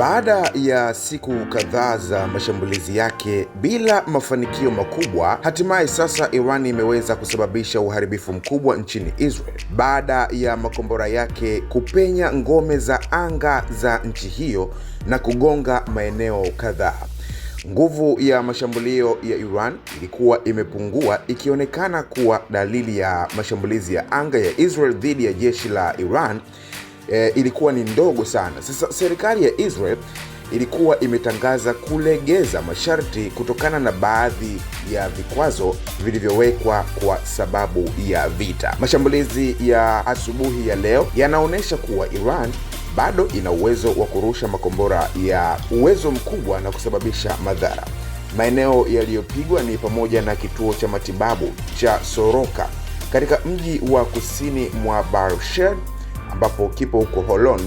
Baada ya siku kadhaa za mashambulizi yake bila mafanikio makubwa, hatimaye sasa Iran imeweza kusababisha uharibifu mkubwa nchini Israel baada ya makombora yake kupenya ngome za anga za nchi hiyo na kugonga maeneo kadhaa. Nguvu ya mashambulio ya Iran ilikuwa imepungua, ikionekana kuwa dalili ya mashambulizi ya anga ya Israel dhidi ya jeshi la Iran e, ilikuwa ni ndogo sana. Sasa serikali ya Israel ilikuwa imetangaza kulegeza masharti kutokana na baadhi ya vikwazo vilivyowekwa kwa sababu ya vita. Mashambulizi ya asubuhi ya leo yanaonyesha kuwa Iran bado ina uwezo wa kurusha makombora ya uwezo mkubwa na kusababisha madhara. Maeneo yaliyopigwa ni pamoja na kituo cha matibabu cha Soroka katika mji wa kusini mwa Beersheba ambapo kipo huko Holon,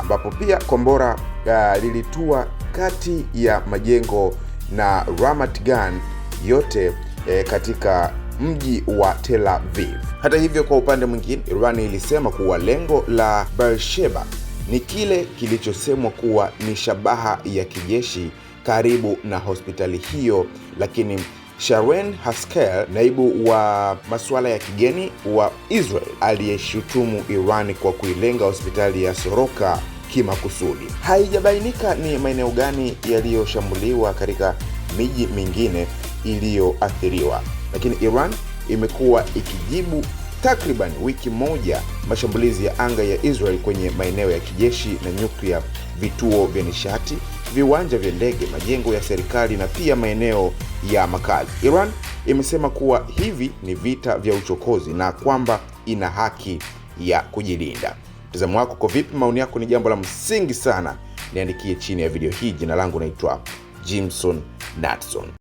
ambapo pia kombora uh, lilitua kati ya majengo na Ramat Gan yote eh, katika mji wa Tel Aviv. Hata hivyo, kwa upande mwingine, iran ilisema kuwa lengo la Beersheba ni kile kilichosemwa kuwa ni shabaha ya kijeshi karibu na hospitali hiyo, lakini Sharon Haskel, naibu wa masuala ya kigeni wa Israel, aliyeshutumu Iran kwa kuilenga hospitali ya Soroka kimakusudi. Haijabainika ni maeneo gani yaliyoshambuliwa katika miji mingine iliyoathiriwa, lakini Iran imekuwa ikijibu takriban wiki moja mashambulizi ya anga ya Israel kwenye maeneo ya kijeshi na nyuklia, vituo vya nishati viwanja vya ndege, majengo ya serikali na pia maeneo ya makazi. Iran imesema kuwa hivi ni vita vya uchokozi na kwamba ina haki ya kujilinda. Mtazamo wako uko vipi? Maoni yako ni jambo la msingi sana, niandikie chini ya video hii. Jina langu naitwa Jimson Natson.